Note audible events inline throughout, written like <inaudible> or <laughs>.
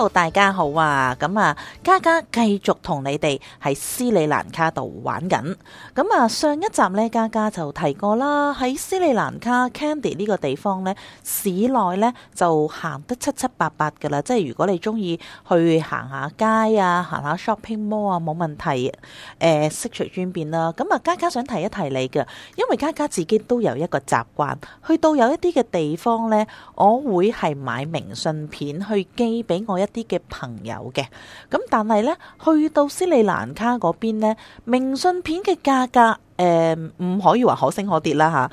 Hello, 大家好啊！咁啊，嘉嘉繼續同你哋喺斯里蘭卡度玩緊。咁啊，上一集咧，嘉嘉就提過啦，喺斯里蘭卡 Candy 呢個地方咧，市內咧就行得七七八八噶啦。即係如果你中意去行下街啊，行下 shopping mall 啊，冇問題。誒，悉隨尊便啦。咁啊，嘉嘉想提一提你嘅，因為嘉嘉自己都有一個習慣，去到有一啲嘅地方咧，我會係買明信片去寄俾我一。啲嘅朋友嘅，咁，但係咧，去到斯里蘭卡嗰邊咧，明信片嘅價格，誒唔、呃、可以話可升可跌啦吓，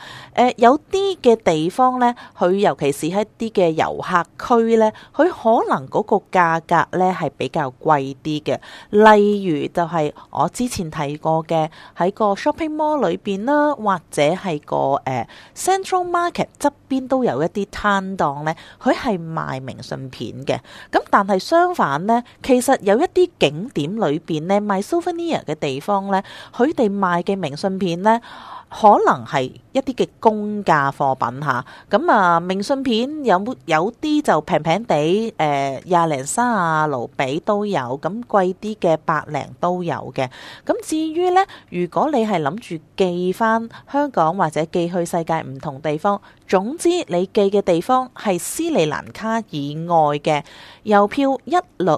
誒、呃、有啲嘅地方咧，佢尤其是喺一啲嘅遊客區咧，佢可能個價格咧係比較貴啲嘅。例如就係我之前提過嘅喺個 shopping mall 裏邊啦，或者係個誒、呃、central market 側邊都有一啲攤檔咧，佢係賣明信片嘅。咁但係相反咧，其實有一啲景點裏邊咧賣 souvenir 嘅地方咧，佢哋賣嘅明信片片咧可能係一啲嘅公價貨品吓，咁啊明信片有冇？有啲就平平地，誒廿零三啊盧比都有，咁貴啲嘅百零都有嘅。咁、嗯、至於呢，如果你係諗住寄翻香港或者寄去世界唔同地方，總之你寄嘅地方係斯里蘭卡以外嘅郵票一律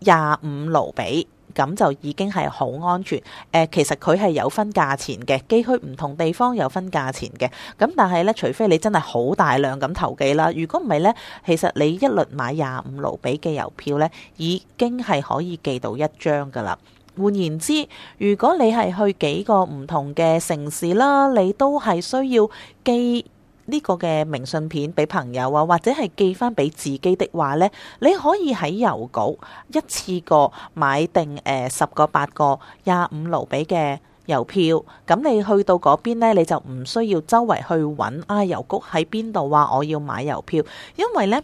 廿五盧比。咁就已經係好安全。誒、呃，其實佢係有分價錢嘅，寄去唔同地方有分價錢嘅。咁但係咧，除非你真係好大量咁投寄啦。如果唔係咧，其實你一輪買廿五盧比嘅郵票咧，已經係可以寄到一張噶啦。換言之，如果你係去幾個唔同嘅城市啦，你都係需要寄。呢個嘅明信片俾朋友啊，或者係寄翻俾自己的話呢，你可以喺郵局一次過買定誒十個、八個、廿五盧比嘅郵票，咁你去到嗰邊咧，你就唔需要周圍去揾啊郵局喺邊度啊，話我要買郵票，因為呢。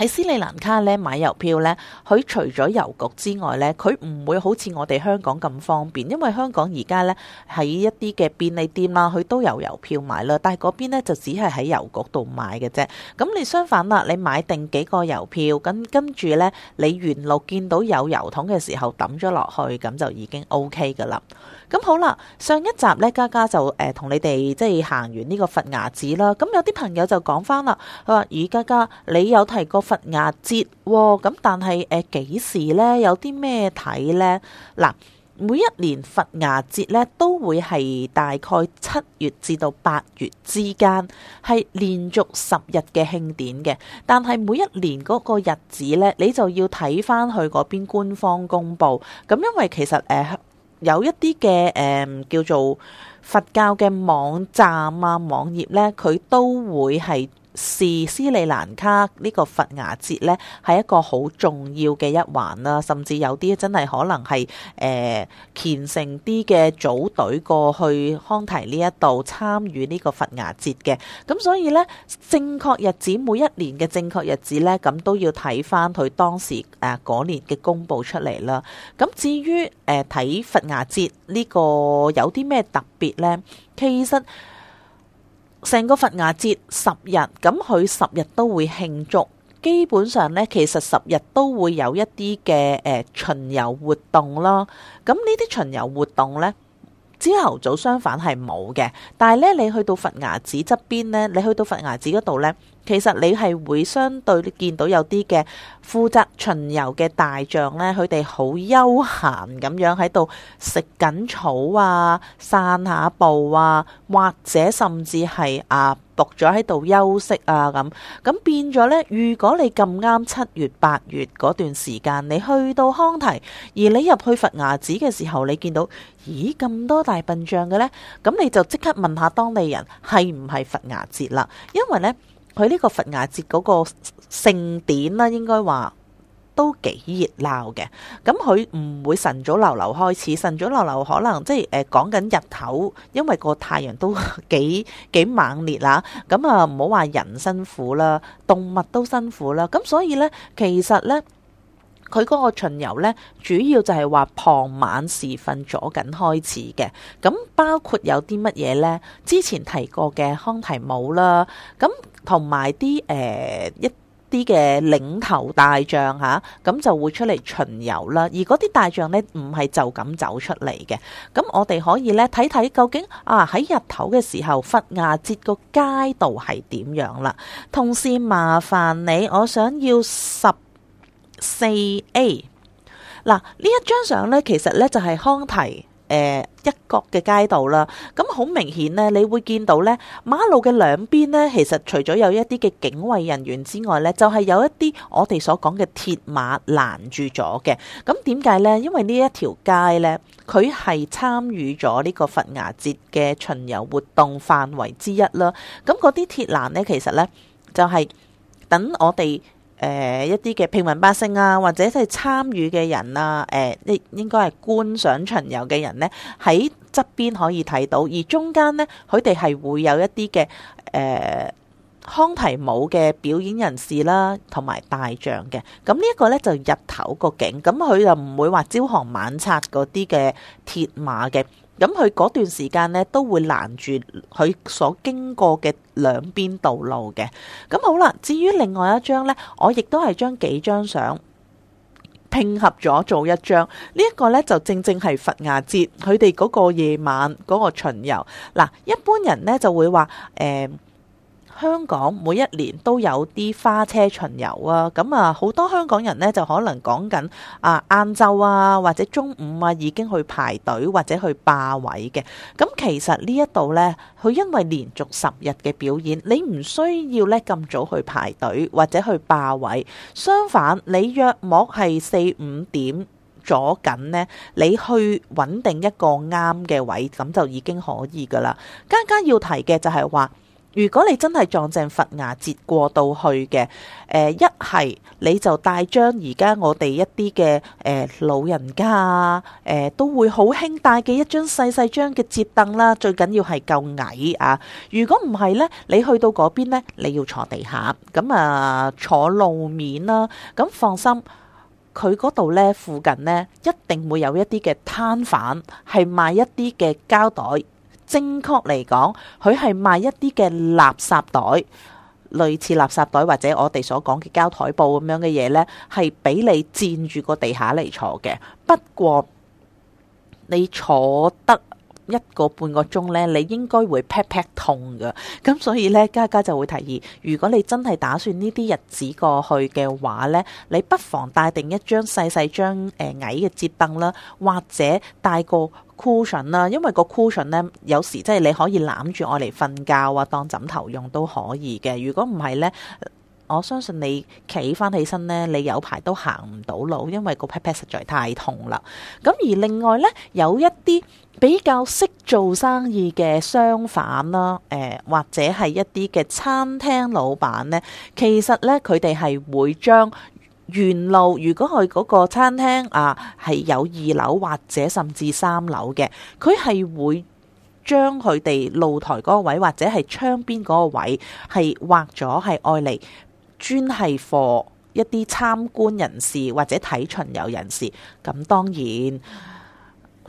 喺斯里蘭卡咧買郵票咧，佢除咗郵局之外咧，佢唔會好似我哋香港咁方便，因為香港而家咧喺一啲嘅便利店啦，佢都有郵票買啦。但係嗰邊咧就只係喺郵局度買嘅啫。咁你相反啦，你買定幾個郵票，咁跟住咧你沿路見到有郵筒嘅時候抌咗落去，咁就已經 OK 㗎喇。咁好啦，上一集咧，嘉嘉就誒同、呃、你哋即係行完呢個佛牙寺啦。咁有啲朋友就講返啦，佢話：咦，嘉嘉，你有提過？佛牙節咁、哦，但係誒幾時咧？有啲咩睇呢？嗱，每一年佛牙節呢，都會係大概七月至到八月之間，係連續十日嘅慶典嘅。但係每一年嗰個日子呢，你就要睇翻去嗰邊官方公布。咁因為其實誒、呃、有一啲嘅誒叫做佛教嘅網站啊網頁呢，佢都會係。是斯里蘭卡呢個佛牙節呢，係一個好重要嘅一環啦，甚至有啲真係可能係誒虔誠啲嘅組隊過去康提呢一度參與呢個佛牙節嘅。咁所以呢，正確日子每一年嘅正確日子呢，咁都要睇返佢當時誒嗰年嘅公佈出嚟啦。咁至於誒睇佛牙節呢個有啲咩特別呢？其實。成個佛牙節十日，咁佢十日都會慶祝。基本上呢，其實十日都會有一啲嘅誒巡遊活動咯。咁呢啲巡遊活動呢，朝頭早相反係冇嘅。但係呢，你去到佛牙寺側邊呢，你去到佛牙寺嗰度呢。其實你係會相對見到有啲嘅負責巡遊嘅大象呢，佢哋好悠閒咁樣喺度食緊草啊、散下步啊，或者甚至係啊伏咗喺度休息啊咁。咁變咗呢，如果你咁啱七月八月嗰段時間，你去到康提，而你入去佛牙寺嘅時候，你見到咦咁多大笨象嘅呢，咁你就即刻問下當地人係唔係佛牙節啦，因為呢。佢呢個佛牙節嗰個盛典啦、啊，應該話都幾熱鬧嘅。咁佢唔會晨早流流開始，晨早流流可能即係誒、呃、講緊日頭，因為個太陽都 <laughs> 幾幾猛烈啦。咁啊，唔好話人辛苦啦，動物都辛苦啦。咁、嗯、所以呢，其實呢。佢嗰個巡遊呢，主要就係話傍晚時分左近開始嘅。咁包括有啲乜嘢呢？之前提過嘅康提舞啦，咁同埋啲誒一啲嘅、呃、領頭大象吓，咁、啊、就會出嚟巡遊啦。而嗰啲大象呢，唔係就咁走出嚟嘅。咁我哋可以呢睇睇究竟啊喺日頭嘅時候，佛牙節個街道係點樣啦？同事麻煩你，我想要十四 A 嗱，呢一張相咧，其實咧就係康提誒、呃、一角嘅街道啦。咁好明顯咧，你會見到咧，馬路嘅兩邊咧，其實除咗有一啲嘅警衛人員之外咧，就係、是、有一啲我哋所講嘅鐵馬攔住咗嘅。咁點解咧？因為呢一條街咧，佢係參與咗呢個佛牙節嘅巡遊活動範圍之一啦。咁嗰啲鐵欄咧，其實咧就係等我哋。誒、呃、一啲嘅平民百姓啊，或者係參與嘅人啊，誒、呃、應應該係觀賞巡遊嘅人呢，喺側邊可以睇到，而中間呢，佢哋係會有一啲嘅誒康提舞嘅表演人士啦，同埋大象嘅。咁呢一個呢，就日頭個景，咁佢就唔會話朝行晚拆嗰啲嘅鐵馬嘅。咁佢嗰段時間呢，都會攔住佢所經過嘅兩邊道路嘅。咁好啦，至於另外一張呢，我亦都係將幾張相拼合咗做一張。呢、這、一個呢，就正正係佛牙節，佢哋嗰個夜晚嗰、那個巡遊。嗱，一般人呢，就會話誒。呃香港每一年都有啲花車巡遊啊，咁啊好多香港人呢，就可能講緊啊晏晝啊或者中午啊已經去排隊或者去霸位嘅。咁其實呢一度呢，佢因為連續十日嘅表演，你唔需要咧咁早去排隊或者去霸位。相反，你約莫係四五點咗緊呢，你去揾定一個啱嘅位，咁就已經可以噶啦。更加要提嘅就係話。如果你真係撞正佛牙節過到去嘅，誒、呃，一係你就帶張而家我哋一啲嘅誒老人家啊，誒、呃、都會好興帶嘅一張細細張嘅折凳啦最緊要係夠矮啊！如果唔係呢，你去到嗰邊呢，你要坐地下，咁啊坐路面啦、啊。咁放心，佢嗰度呢，附近呢，一定會有一啲嘅攤販係賣一啲嘅膠袋。正確嚟講，佢係賣一啲嘅垃圾袋，類似垃圾袋或者我哋所講嘅膠台布咁樣嘅嘢，呢係俾你佔住個地下嚟坐嘅。不過你坐得一個半個鐘咧，你應該會 pat pat 痛噶，咁所以咧，家家就會提議，如果你真係打算呢啲日子過去嘅話咧，你不妨帶定一張細細張誒矮嘅折凳啦，或者帶個 cushion 啦，因為個 cushion 咧，有時即係你可以攬住我嚟瞓覺啊，當枕頭用都可以嘅。如果唔係咧，我相信你企翻起身咧，你有排都行唔到路，因為個 pat pat 實在太痛啦。咁而另外咧，有一啲。比較識做生意嘅商販啦，誒、呃、或者係一啲嘅餐廳老闆呢，其實呢，佢哋係會將原路，如果佢嗰個餐廳啊係有二樓或者甚至三樓嘅，佢係會將佢哋露台嗰個位或者係窗邊嗰個位係劃咗係愛嚟專係貨一啲參觀人士或者睇巡遊人士，咁當然。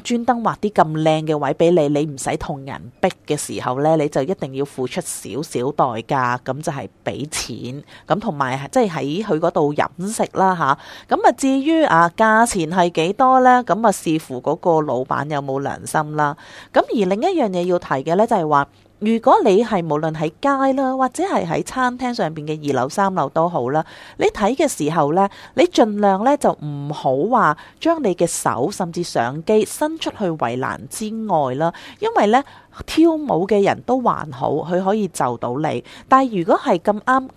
專登畫啲咁靚嘅位俾你，你唔使同人逼嘅時候呢，你就一定要付出少少代價，咁就係俾錢，咁同埋即係喺佢嗰度飲食啦吓，咁啊至於啊價錢係幾多呢？咁啊視乎嗰個老闆有冇良心啦。咁、啊、而另一樣嘢要提嘅呢，就係、是、話。如果你係無論喺街啦，或者係喺餐廳上邊嘅二樓、三樓都好啦，你睇嘅時候呢，你盡量呢就唔好話將你嘅手甚至相機伸出去圍欄之外啦，因為呢跳舞嘅人都還好，佢可以就到你，但係如果係咁啱，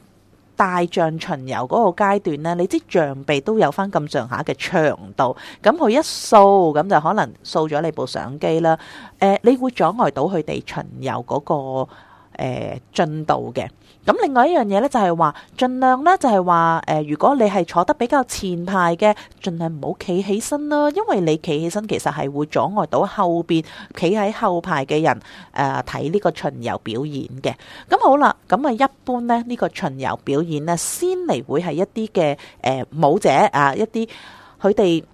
大象巡遊嗰個階段咧，你知象鼻都有翻咁上下嘅長度，咁佢一掃咁就可能掃咗你部相機啦，誒、呃，你會阻礙到佢哋巡遊嗰、嗰個誒進、呃、度嘅。咁另外一樣嘢咧，盡量就係話，儘量咧就係話，誒，如果你係坐得比較前排嘅，盡量唔好企起身啦，啊，因為你企起身其實係會阻礙到後邊企喺後排嘅人誒睇呢個巡遊表演嘅。咁好啦，咁啊一般咧呢，呢個巡遊表演咧，先嚟會係一啲嘅誒舞者啊，一啲佢哋。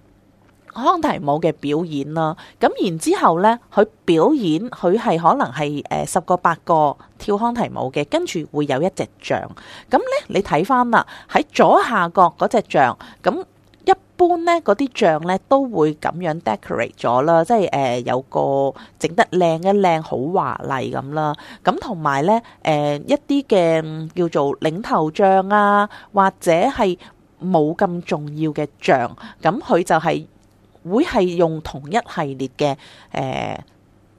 康提舞嘅表演啦，咁然之後咧，佢表演佢係可能係誒十個八個跳康提舞嘅，跟住會有一隻象咁咧。你睇翻啦，喺左下角嗰隻象，咁一般咧，嗰啲象咧都會咁樣 decorate 咗啦，即係誒、呃、有個整得靚、呃、一靚，好華麗咁啦。咁同埋咧誒一啲嘅叫做領頭象啊，或者係冇咁重要嘅象。咁佢就係、是。會係用同一系列嘅誒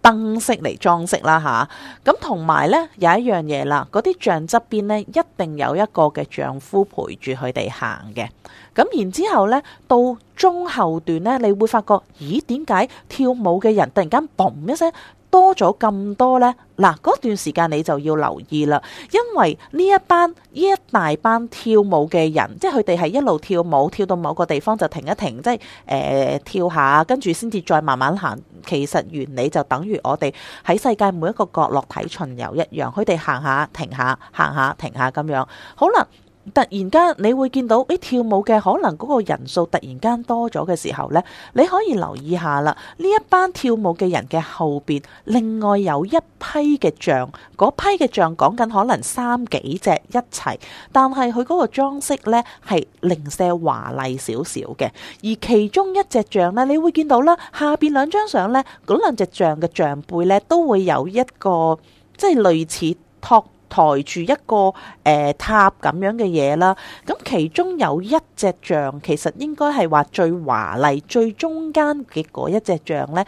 燈飾嚟裝飾啦吓，咁同埋呢，有一樣嘢啦，嗰啲象側邊呢，一定有一個嘅丈夫陪住佢哋行嘅，咁然之後呢，到中後段呢，你會發覺，咦，點解跳舞嘅人突然間嘣一聲？多咗咁多呢，嗱，嗰段時間你就要留意啦，因為呢一班呢，一大班跳舞嘅人，即係佢哋係一路跳舞，跳到某個地方就停一停，即係誒、呃、跳下，跟住先至再慢慢行。其實原理就等於我哋喺世界每一個角落睇巡遊一樣，佢哋行下停下，行下停下咁樣，好啦。突然間，你會見到誒、欸、跳舞嘅可能嗰個人數突然間多咗嘅時候呢，你可以留意下啦。呢一班跳舞嘅人嘅後邊，另外有一批嘅象。嗰批嘅象講緊可能三幾隻一齊，但係佢嗰個裝飾咧係零舍華麗少少嘅。而其中一隻象呢，你會見到啦，下邊兩張相呢，嗰兩隻象嘅象背呢，都會有一個即係類似托。抬住一個誒、呃、塔咁樣嘅嘢啦，咁其中有一隻象，其實應該係話最華麗最中間嘅嗰一隻象呢，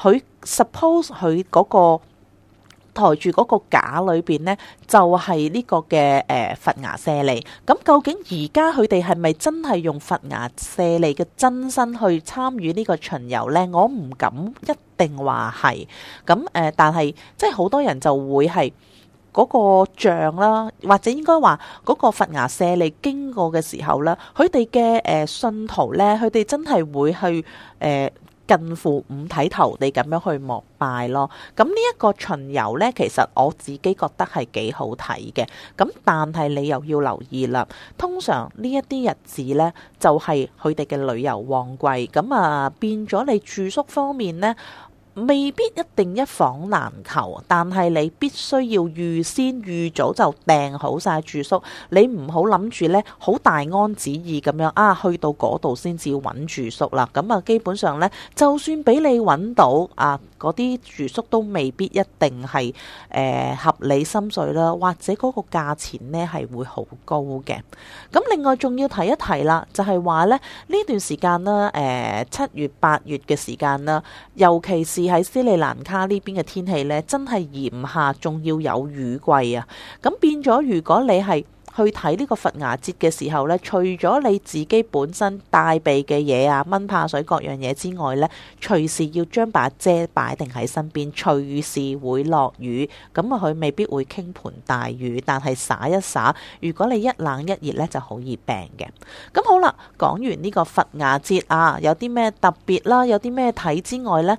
佢 suppose 佢嗰、嗰個抬住嗰個架裏邊呢，就係、係、呢個嘅誒、呃、佛牙舍利。咁究竟而家佢哋係咪真係用佛牙舍利嘅真身去參與呢個巡遊呢？我唔敢一定話係。咁誒、呃，但係即係好多人就會係。嗰個象啦，或者應該話嗰個佛牙舍利經過嘅時候啦，佢哋嘅誒信徒咧，佢哋真係會去誒、呃、近乎五體投地咁樣去膜拜咯。咁呢一個巡遊咧，其實我自己覺得係幾好睇嘅。咁但係你又要留意啦，通常呢一啲日子咧，就係佢哋嘅旅遊旺季。咁啊，變咗你住宿方面咧，未必一定一房難求，但係你必須要預先預早就訂好晒住宿。你唔好諗住咧，好大安旨意咁樣啊，去到嗰度先至揾住宿啦。咁啊，基本上咧，就算俾你揾到啊，嗰啲住宿都未必一定係誒合理心水啦，或者嗰個價錢咧係會好高嘅。咁另外仲要提一提啦，就係話咧，呢段時間啦，誒七月八月嘅時間啦，尤其是。而喺斯里蘭卡呢邊嘅天氣呢，真係炎夏，仲要有雨季啊！咁變咗，如果你係去睇呢個佛牙節嘅時候呢，除咗你自己本身帶備嘅嘢啊、蚊怕水各樣嘢之外呢，隨時要將把遮擺定喺身邊，隨時會落雨。咁啊，佢未必會傾盆大雨，但係灑一灑。如果你一冷一熱呢，就好易病嘅。咁好啦，講完呢個佛牙節啊，有啲咩特別啦？有啲咩睇之外呢。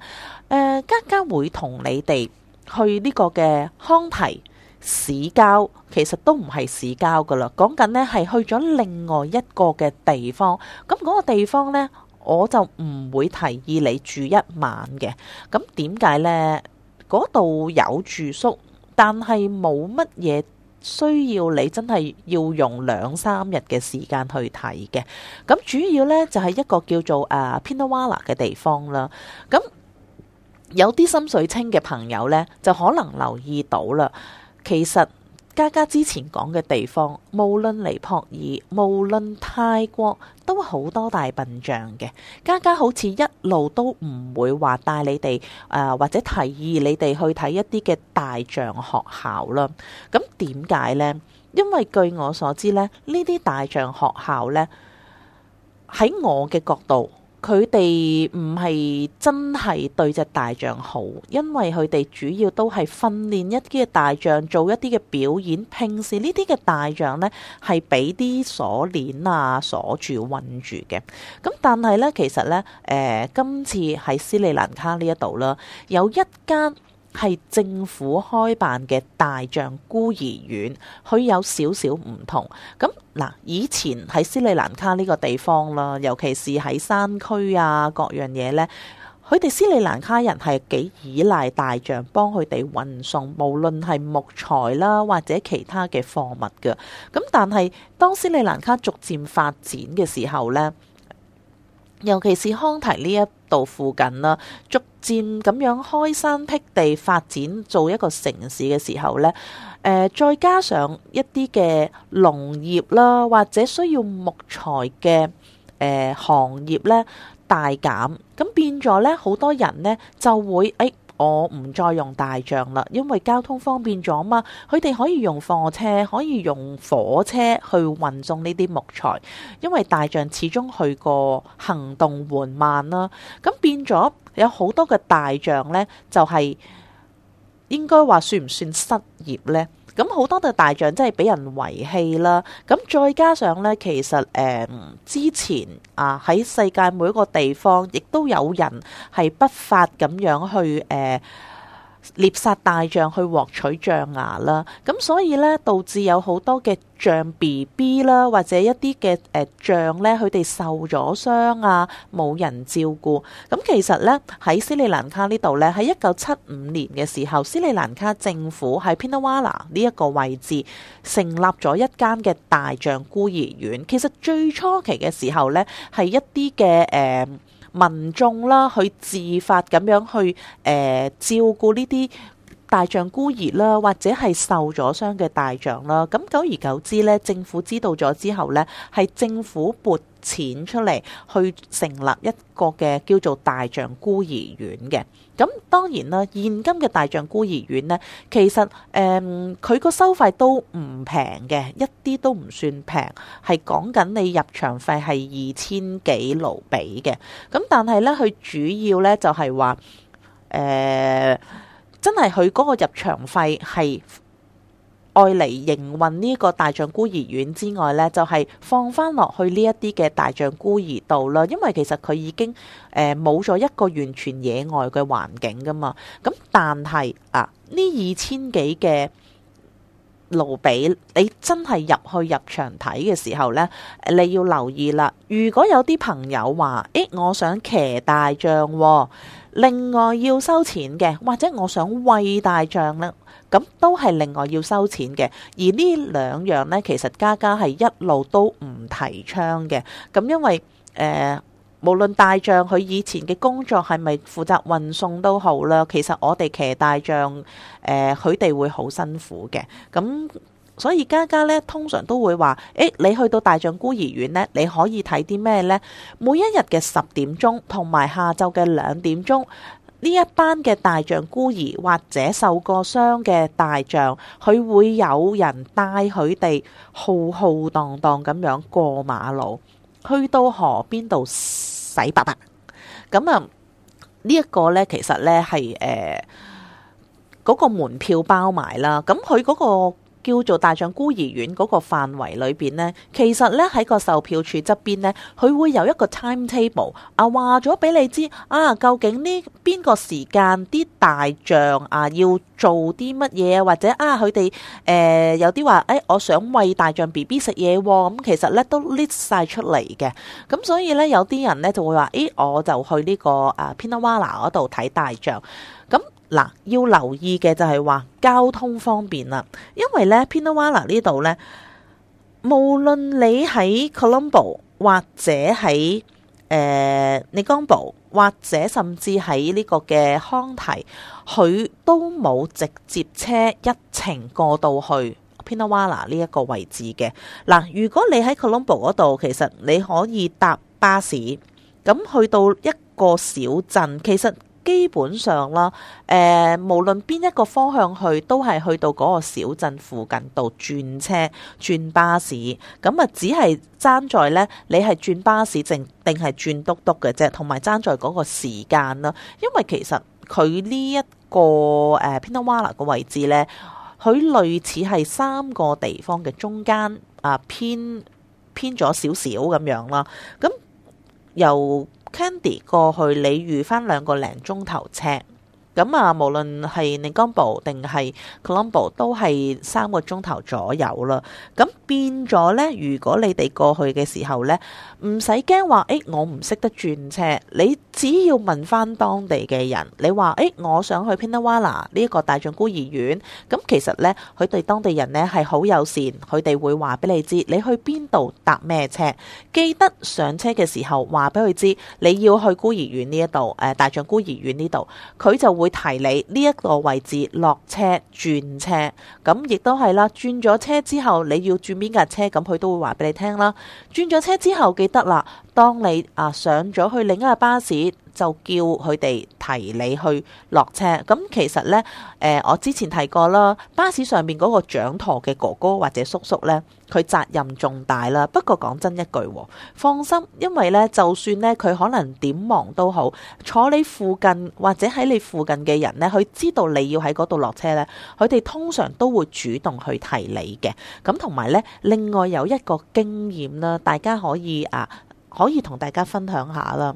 誒、呃，家家會同你哋去呢個嘅康提市郊，其實都唔係市郊㗎喇，講緊呢係去咗另外一個嘅地方。咁嗰個地方呢，我就唔會提議你住一晚嘅。咁點解呢？嗰度有住宿，但係冇乜嘢需要你真係要用兩三日嘅時間去睇嘅。咁主要呢，就係、是、一個叫做誒、uh, Pinnawala 嘅地方啦。咁有啲心水清嘅朋友呢，就可能留意到啦。其實嘉嘉之前講嘅地方，無論尼泊爾，無論泰國，都好多大笨象嘅。嘉嘉好似一路都唔會話帶你哋誒、呃，或者提議你哋去睇一啲嘅大象學校啦。咁點解呢？因為據我所知呢，呢啲大象學校呢，喺我嘅角度。佢哋唔係真係對隻大象好，因為佢哋主要都係訓練一啲嘅大象做一啲嘅表演，平時呢啲嘅大象呢，係俾啲鎖鏈啊鎖住韞住嘅。咁但係呢，其實呢，誒、呃、今次喺斯里蘭卡呢一度啦，有一間。係政府開辦嘅大象孤兒院，佢有少少唔同。咁嗱，以前喺斯里蘭卡呢個地方啦，尤其是喺山區啊，各樣嘢呢，佢哋斯里蘭卡人係幾依賴大象幫佢哋運送，無論係木材啦，或者其他嘅貨物㗎。咁但係當斯里蘭卡逐漸發展嘅時候呢，尤其是康提呢一到附近啦，逐漸咁樣開山闢地發展做一個城市嘅時候呢，誒、呃，再加上一啲嘅農業啦，或者需要木材嘅、呃、行業呢，大減，咁變咗呢，好多人呢就會誒。哎我唔再用大象啦，因為交通方便咗嘛，佢哋可以用貨車，可以用火車去運送呢啲木材，因為大象始終去過行動緩慢啦，咁變咗有好多嘅大象咧，就係、是、應該話算唔算失業咧？咁好多隻大象真係俾人遺棄啦，咁再加上呢，其實誒、嗯、之前啊喺世界每一個地方，亦都有人係不法咁樣去誒，啊獵殺大象去獲取象牙啦，咁所以咧導致有好多嘅象 B B 啦，或者一啲嘅誒象咧，佢哋受咗傷啊，冇人照顧。咁其實咧喺斯里蘭卡呢度咧，喺一九七五年嘅時候，斯里蘭卡政府喺 Pinnawala 呢一個位置成立咗一間嘅大象孤兒院。其實最初期嘅時候咧，係一啲嘅誒。呃民眾啦，去自發咁樣去誒照顧呢啲大象孤兒啦，或者係受咗傷嘅大象啦。咁久而久之咧，政府知道咗之後咧，係政府撥錢出嚟去成立一個嘅叫做大象孤兒院嘅。咁當然啦，現今嘅大象孤兒院呢，其實誒佢個收費都唔平嘅，一啲都唔算平，係講緊你入場費係二千幾盧比嘅。咁但係呢，佢主要呢就係話誒，真係佢嗰個入場費係。愛嚟營運呢個大象孤兒院之外呢，就係、是、放翻落去呢一啲嘅大象孤兒度啦。因為其實佢已經誒冇咗一個完全野外嘅環境㗎嘛。咁但係啊，呢二千幾嘅盧比，你真係入去入場睇嘅時候呢，你要留意啦。如果有啲朋友話，誒、欸，我想騎大象、哦。另外要收錢嘅，或者我想餵大象呢，咁都係另外要收錢嘅。而呢兩樣呢，其實家家係一路都唔提倡嘅。咁因為誒、呃，無論大象佢以前嘅工作係咪負責運送都好啦，其實我哋騎大象誒，佢、呃、哋會好辛苦嘅。咁所以家家咧，通常都會話，誒，你去到大象孤兒院咧，你可以睇啲咩呢？每一日嘅十點鐘同埋下晝嘅兩點鐘，呢一班嘅大象孤兒或者受過傷嘅大象，佢會有人帶佢哋浩浩蕩蕩咁樣過馬路，去到河邊度洗白白。咁啊，呢一個呢，其實呢係誒嗰個門票包埋啦。咁佢嗰個。叫做大象孤兒院嗰個範圍裏邊咧、啊啊呃哎，其實呢，喺個售票處側邊呢，佢會有一個 timetable 啊，話咗俾你知啊，究竟呢邊個時間啲大象啊要做啲乜嘢，或者啊佢哋誒有啲話，誒我想餵大象 B B 食嘢喎，咁其實呢，都 list 晒出嚟嘅，咁所以呢，有啲人呢就會話，誒、哎、我就去呢個啊 Pinawala 嗰度睇大象，咁、嗯。嗱，要留意嘅就係話交通方便啦，因為咧 Pinnawala 呢度咧，無論你喺 Colombo 或者喺、呃、Negombo，或者甚至喺呢個嘅康提，佢都冇直接車一程過到去 Pinnawala 呢一個位置嘅。嗱，如果你喺 Colombo 嗰度，其實你可以搭巴士咁去到一個小鎮，其實。基本上啦，誒、呃，無論邊一個方向去，都係去到嗰個小鎮附近度轉車、轉巴士，咁啊，只係爭在咧，你係轉巴士定定係轉嘟嘟嘅啫，同埋爭在嗰個時間啦。因為其實佢呢一個誒、呃、p i n d a w a l a Pinnawala 個位置咧，佢類似係三個地方嘅中間啊，偏偏咗少少咁樣啦，咁又。康提過去，你預翻兩個零鐘頭車。咁啊，無論係尼甘布定係可倫坡，都係三個鐘頭左右啦。咁變咗咧，如果你哋過去嘅時候咧，唔使驚話，誒、哎，我唔識得轉車。你只要問翻當地嘅人，你話誒、哎，我想去皮納瓦拉呢一個大象孤兒院。咁其實咧，佢哋當地人咧係好友善，佢哋會話俾你知，你去邊度搭咩車。記得上車嘅時候話俾佢知，你要去孤兒院呢一度，誒，大象孤兒院呢度，佢就會，會提你呢一個位置落車轉車，咁亦都係啦。轉咗車之後，你要轉邊架車，咁佢都會話俾你聽啦。轉咗車之後，記得啦，當你啊上咗去另一架巴士。就叫佢哋提你去落車。咁其實呢，誒、呃，我之前提過啦，巴士上面嗰個掌舵嘅哥哥或者叔叔呢，佢責任重大啦。不過講真一句，放心，因為呢，就算呢，佢可能點忙都好，坐你附近或者喺你附近嘅人呢，佢知道你要喺嗰度落車呢，佢哋通常都會主動去提你嘅。咁同埋呢，另外有一個經驗啦，大家可以啊，可以同大家分享下啦。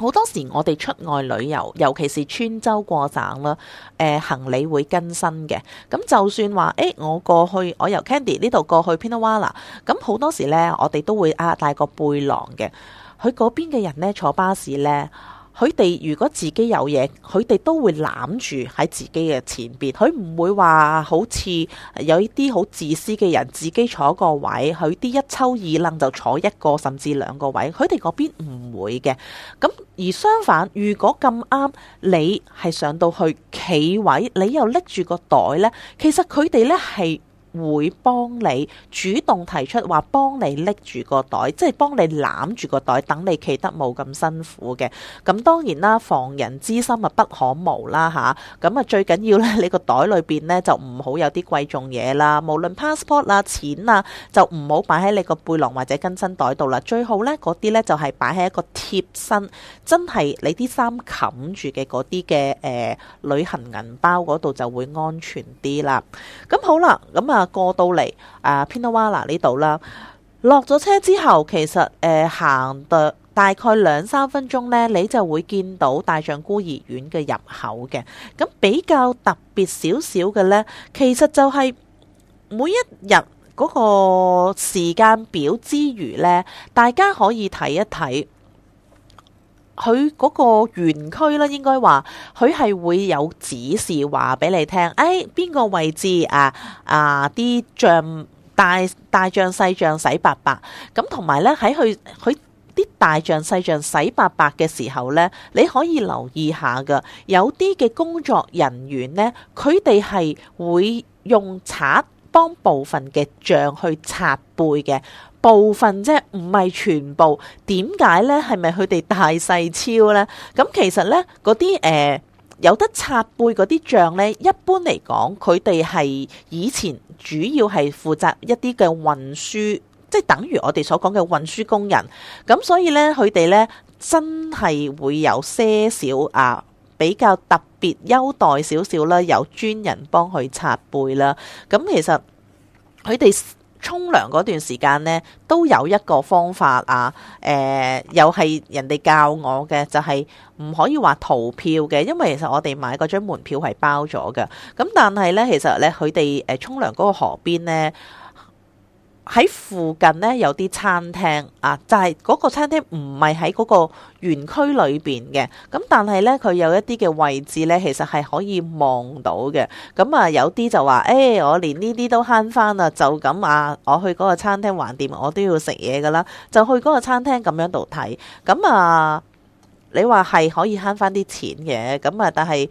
好多時我哋出外旅遊，尤其是穿州過省啦，誒、呃、行李會更新嘅。咁就算話，誒、欸、我過去我由 Kandy 呢度過去 Pinawala 咁好多時咧我哋都會啊帶個背囊嘅。佢嗰邊嘅人咧坐巴士咧。佢哋如果自己有嘢，佢哋都會攬住喺自己嘅前邊，佢唔會話好似有一啲好自私嘅人，自己坐個位，佢啲一抽二楞就坐一個甚至兩個位，佢哋嗰邊唔會嘅。咁而相反，如果咁啱你係上到去企位，你又拎住個袋咧，其實佢哋咧係會幫你主動提出話幫你拎住個袋，即係幫你攬住個袋，等你企得冇咁辛苦嘅。咁當然啦，防人之心啊不可無啦吓，咁啊，啊最緊要咧，你個袋裏邊咧就唔好有啲貴重嘢啦。無論 passport 啊，錢啊，就唔好擺喺你個背囊或者跟身袋度啦。最好咧嗰啲咧就係擺喺一個貼身，真係你啲衫冚住嘅嗰啲嘅誒旅行銀包嗰度就會安全啲啦。咁好啦，咁、嗯、啊～過到嚟啊，Pinnawala 呢度啦，落咗車之後，其實誒行、呃、大概兩三分鐘呢，你就會見到大象孤兒院嘅入口嘅。咁比較特別少少嘅呢，其實就係每一日嗰個時間表之餘呢，大家可以睇一睇。佢嗰個園區咧，應該話佢係會有指示話俾你聽，誒、哎，邊個位置啊啊啲象大大象細象洗白白。咁同埋咧喺佢佢啲大象細象洗白白嘅時候咧，你可以留意下噶，有啲嘅工作人員咧，佢哋係會用刷。幫部分嘅象去拆背嘅部分啫，唔係全部。點解咧？係咪佢哋大細超咧？咁其實咧，嗰啲誒有得拆背嗰啲象咧，一般嚟講，佢哋係以前主要係負責一啲嘅運輸，即係等於我哋所講嘅運輸工人。咁所以咧，佢哋咧真係會有些少啊。比較特別優待少少啦，有專人幫佢擦背啦。咁其實佢哋沖涼嗰段時間呢，都有一個方法啊。誒、呃，又係人哋教我嘅，就係、是、唔可以話逃票嘅，因為其實我哋買嗰張門票係包咗嘅。咁但係呢，其實呢，佢哋誒沖涼嗰個河邊呢。喺附近呢，有啲餐廳啊，就係、是、嗰個餐廳唔係喺嗰個園區裏邊嘅，咁但係呢，佢有一啲嘅位置呢，其實係可以望到嘅。咁啊，有啲就話，誒、哎，我連呢啲都慳翻啦，就咁啊，我去嗰個餐廳橫掂，我都要食嘢噶啦，就去嗰個餐廳咁樣度睇。咁啊，你話係可以慳翻啲錢嘅，咁啊，但係。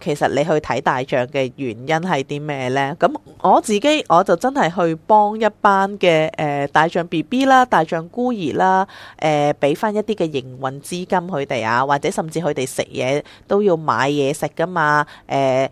其實你去睇大象嘅原因係啲咩呢？咁我自己我就真係去幫一班嘅誒、呃、大象 B B 啦、大象孤兒啦，誒俾翻一啲嘅營運資金佢哋啊，或者甚至佢哋食嘢都要買嘢食噶嘛，誒、呃、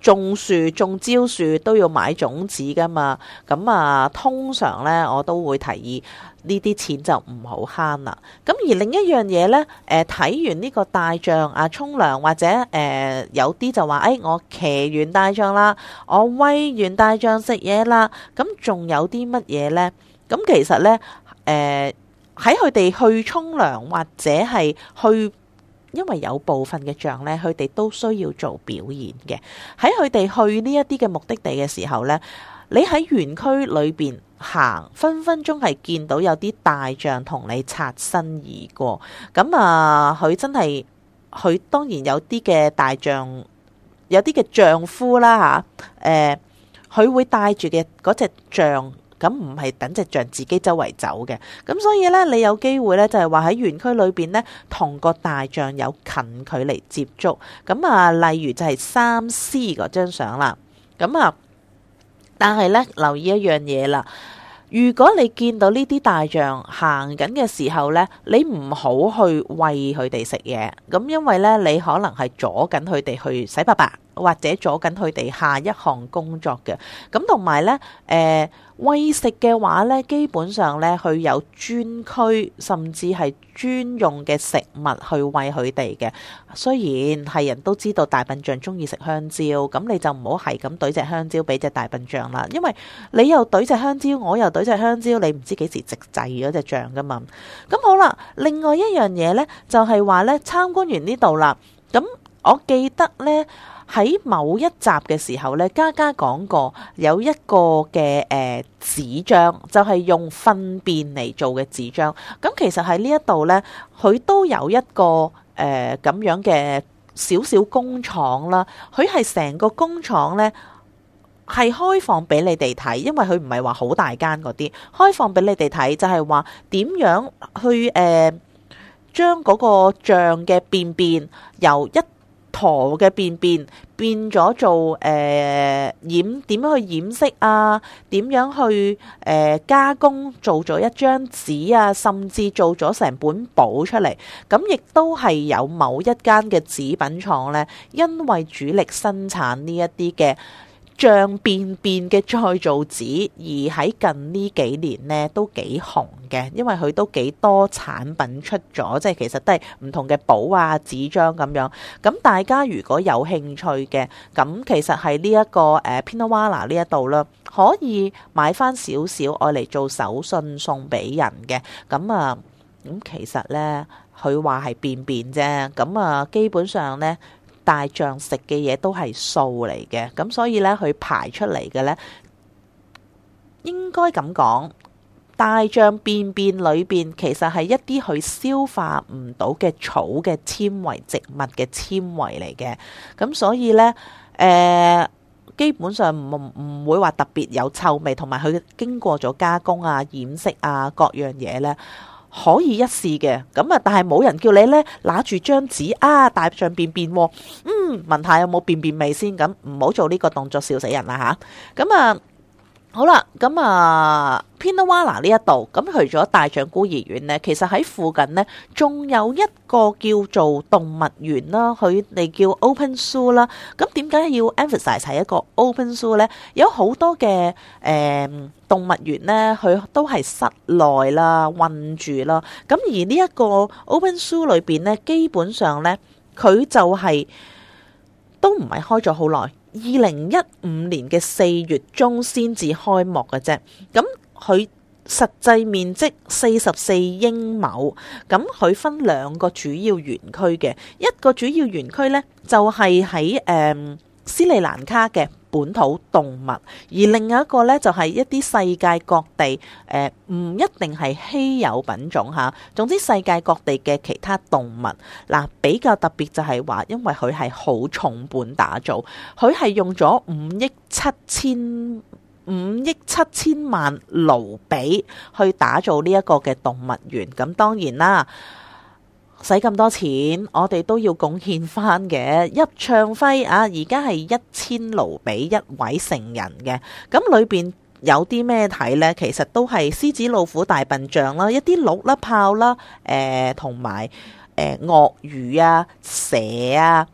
種樹種蕉樹都要買種子噶嘛，咁啊通常呢，我都會提議。呢啲錢就唔好慳啦。咁而另一樣嘢呢，誒、呃、睇完呢個大象啊，沖涼或者誒、呃、有啲就話：誒、哎、我騎完大象啦，我餵完大象食嘢啦。咁、嗯、仲有啲乜嘢呢？咁、嗯、其實呢，誒喺佢哋去沖涼或者係去，因為有部分嘅象呢，佢哋都需要做表演嘅。喺佢哋去呢一啲嘅目的地嘅時候呢，你喺園區裏邊。行分分鐘係見到有啲大象同你擦身而過，咁啊佢真係佢當然有啲嘅大象，有啲嘅丈夫啦吓，誒、啊、佢、啊、會帶住嘅嗰隻象，咁唔係等隻象自己周圍走嘅，咁所以呢，你有機會呢，就係話喺園區裏邊呢，同個大象有近距離接觸，咁啊例如就係三 C 嗰張相啦，咁啊。但係咧，留意一樣嘢啦。如果你見到呢啲大象行緊嘅時候咧，你唔好去餵佢哋食嘢，咁因為咧，你可能係阻緊佢哋去洗白白，或者阻緊佢哋下一項工作嘅。咁同埋咧，誒、呃。餵食嘅話咧，基本上咧，佢有專區，甚至係專用嘅食物去餵佢哋嘅。雖然係人都知道大笨象中意食香蕉，咁你就唔好係咁懟隻香蕉俾隻大笨象啦，因為你又懟隻香蕉，我又懟隻香蕉，你唔知幾時直滯咗隻象噶嘛。咁好啦，另外一樣嘢咧，就係話咧，參觀完呢度啦，咁。我記得呢，喺某一集嘅時候呢，嘉嘉講過有一個嘅誒紙張，就係、是、用糞便嚟做嘅紙張。咁、嗯、其實喺呢一度呢，佢都有一個誒咁、呃、樣嘅小小工廠啦。佢係成個工廠呢，係開放俾你哋睇，因為佢唔係話好大間嗰啲，開放俾你哋睇就係話點樣去誒、呃、將嗰個象嘅便便由一駝嘅便便變咗做誒、呃、染點樣去染色啊？點樣去誒、呃、加工做咗一張紙啊？甚至做咗成本簿出嚟，咁亦都係有某一間嘅紙品廠呢，因為主力生產呢一啲嘅。像便便嘅再造紙，而喺近呢幾年咧都幾紅嘅，因為佢都幾多產品出咗，即係其實都係唔同嘅簿啊紙張咁樣。咁大家如果有興趣嘅，咁其實係呢一個誒 Pinnawala 呢一度啦，可以買翻少少愛嚟做手信送俾人嘅。咁啊，咁其實咧佢話係便便啫，咁啊基本上咧。大象食嘅嘢都係素嚟嘅，咁所以呢，佢排出嚟嘅呢，應該咁講，大象便便裏邊其實係一啲佢消化唔到嘅草嘅纖維、植物嘅纖維嚟嘅，咁所以呢，誒、呃，基本上唔唔會話特別有臭味，同埋佢經過咗加工啊、染色啊各樣嘢呢。可以一試嘅，咁啊，但係冇人叫你咧拿住張紙啊，大象便便，嗯，問下有冇便便味先，咁唔好做呢個動作，笑死人啦吓？咁啊。嗯好啦，咁啊，Pinnawala 呢一度，咁除咗大象孤兒院呢，其實喺附近呢，仲有一個叫做動物園啦，佢哋叫 Open Zoo 啦。咁點解要 emphasize 係一個 Open Zoo 咧？有好多嘅，誒、呃、動物園咧，佢都係室內啦，困住啦。咁而呢一個 Open Zoo 裏邊咧，基本上咧，佢就係、是、都唔係開咗好耐。二零一五年嘅四月中先至開幕嘅啫，咁佢實際面積四十四英畝，咁佢分兩個主要園區嘅，一個主要園區呢，就係喺誒斯里蘭卡嘅本土動物，而另一個呢，就係一啲世界各地誒，唔一定係稀有品種嚇。總之世界各地嘅其他動物嗱，比較特別就係話，因為佢係好重本打造，佢係用咗五億七千五億七千萬盧比去打造呢一個嘅動物園。咁當然啦。使咁多錢，我哋都要貢獻翻嘅入場費啊！而家係一千盧比一位成人嘅，咁裏邊有啲咩睇呢？其實都係獅子、老虎、大笨象啦，一啲鹿啦、豹啦，同埋誒鱷魚啊、蛇啊，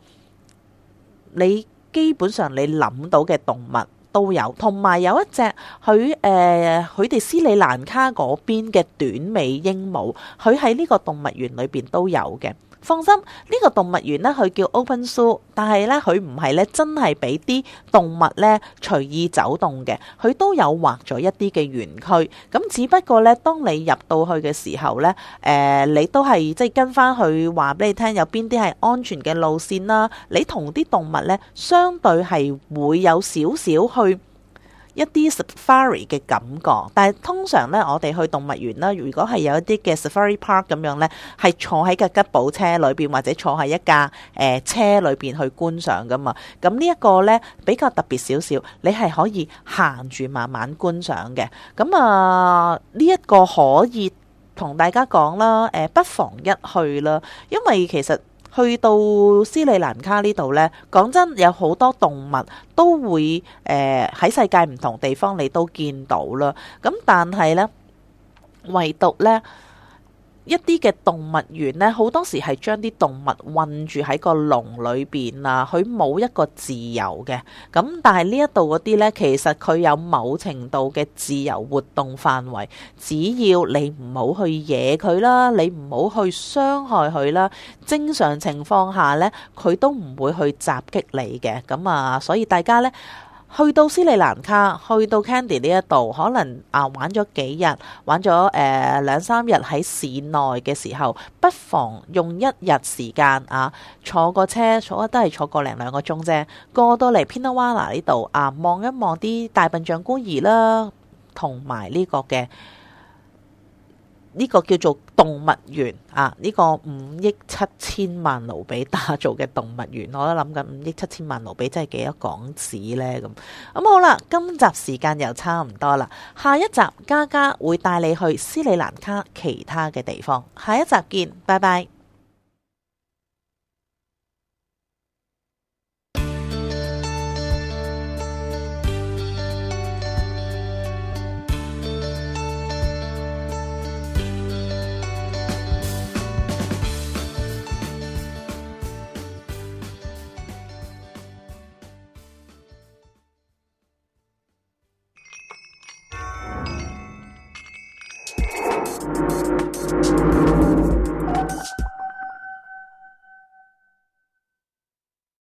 你基本上你諗到嘅動物，都有，同埋有一隻佢誒佢哋斯里蘭卡嗰邊嘅短尾鸚鵡，佢喺呢個動物園裏邊都有嘅。放心，呢、這個動物園呢，佢叫 Open Zoo，但係呢，佢唔係咧真係俾啲動物呢隨意走動嘅，佢都有劃咗一啲嘅園區。咁只不過呢，當你入到去嘅時候呢，誒、呃、你都係即係跟翻佢話俾你聽，有邊啲係安全嘅路線啦、啊。你同啲動物呢，相對係會有少少去。一啲 Safari 嘅感覺，但係通常咧，我哋去動物園啦。如果係有一啲嘅 Safari Park 咁樣咧，係坐喺個吉普車裏邊或者坐喺一架誒、呃、車裏邊去觀賞㗎嘛。咁呢一個咧比較特別少少，你係可以行住慢慢觀賞嘅。咁啊，呢、這、一個可以同大家講啦，誒、呃，不妨一去啦，因為其實。去到斯里蘭卡呢度呢，講真有好多動物都會誒喺、呃、世界唔同地方你都見到啦。咁但係呢，唯獨呢。一啲嘅動物園呢，好多時係將啲動物困住喺個籠裏邊呀，佢冇一個自由嘅。咁但係呢一度嗰啲呢，其實佢有某程度嘅自由活動範圍，只要你唔好去惹佢啦，你唔好去傷害佢啦，正常情況下呢，佢都唔會去襲擊你嘅。咁啊，所以大家呢。去到斯里蘭卡，去到 Candy 呢一度，可能啊玩咗幾日，玩咗誒、呃、兩三日喺市內嘅時候，不妨用一日時間啊，坐個車，坐得都係坐個零兩個鐘啫，過到嚟 Pinawana 呢度啊，望一望啲大笨象孤兒啦，同埋呢個嘅。呢個叫做動物園啊！呢、這個五億七千萬盧比打造嘅動物園，我都諗緊五億七千萬盧比真係幾多港紙咧？咁咁好啦，今集時間又差唔多啦，下一集嘉嘉會帶你去斯里蘭卡其他嘅地方，下一集見，拜拜。